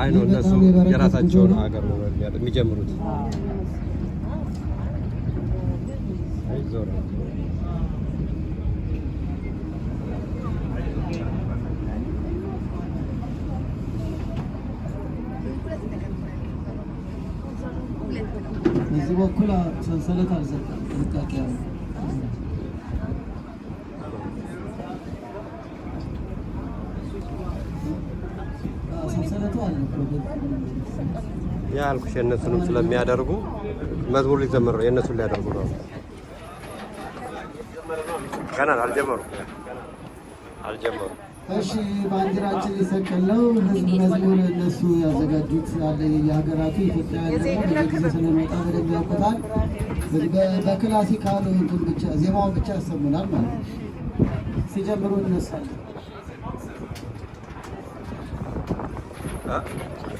አይ ነው እነሱ የራሳቸውን ሀገር ነው የሚጀምሩት። እዚህ በኩል ሰንሰለት አልዘጋም። ጥንቃቄ ያልኩሽ አልኩሽ የእነሱንም ስለሚያደርጉ መዝሙር ሊዘመር ነው። የእነሱን ሊያደርጉ ነው። ገና አልጀመሩ አልጀመሩ። እሺ ባንዲራችን የሰቀለው ህዝብ መዝሙር እነሱ ያዘጋጁት አለ። የሀገራቱ ኢትዮጵያ ጊዜ ስለመጣ በደንብ ያውቁታል። በክላሲካሉ ብቻ ዜማውን ብቻ ያሰሙናል ማለት ነው። ሲጀምሩ እነሳል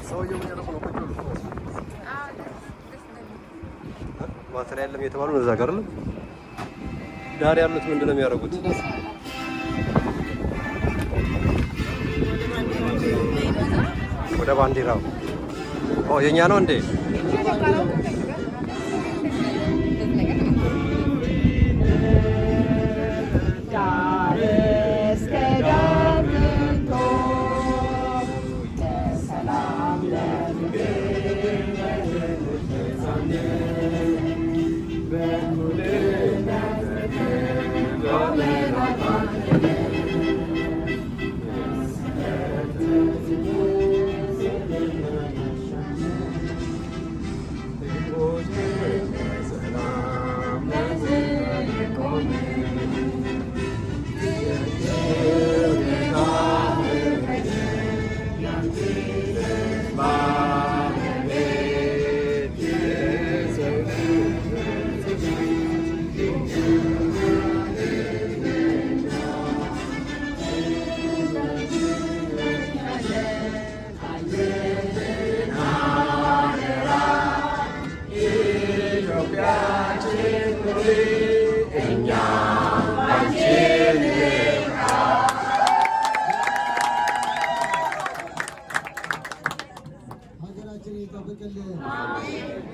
ሰውየው ምን ያደረገው ነው? ቁጭ ብሎ ማተሪያ የለም የተባሉ እዛ ጋር ነው። ዳር ያሉት ምንድን ነው የሚያደርጉት? ወደ ባንዲራው የእኛ ነው እንዴ? que a gente. Amém.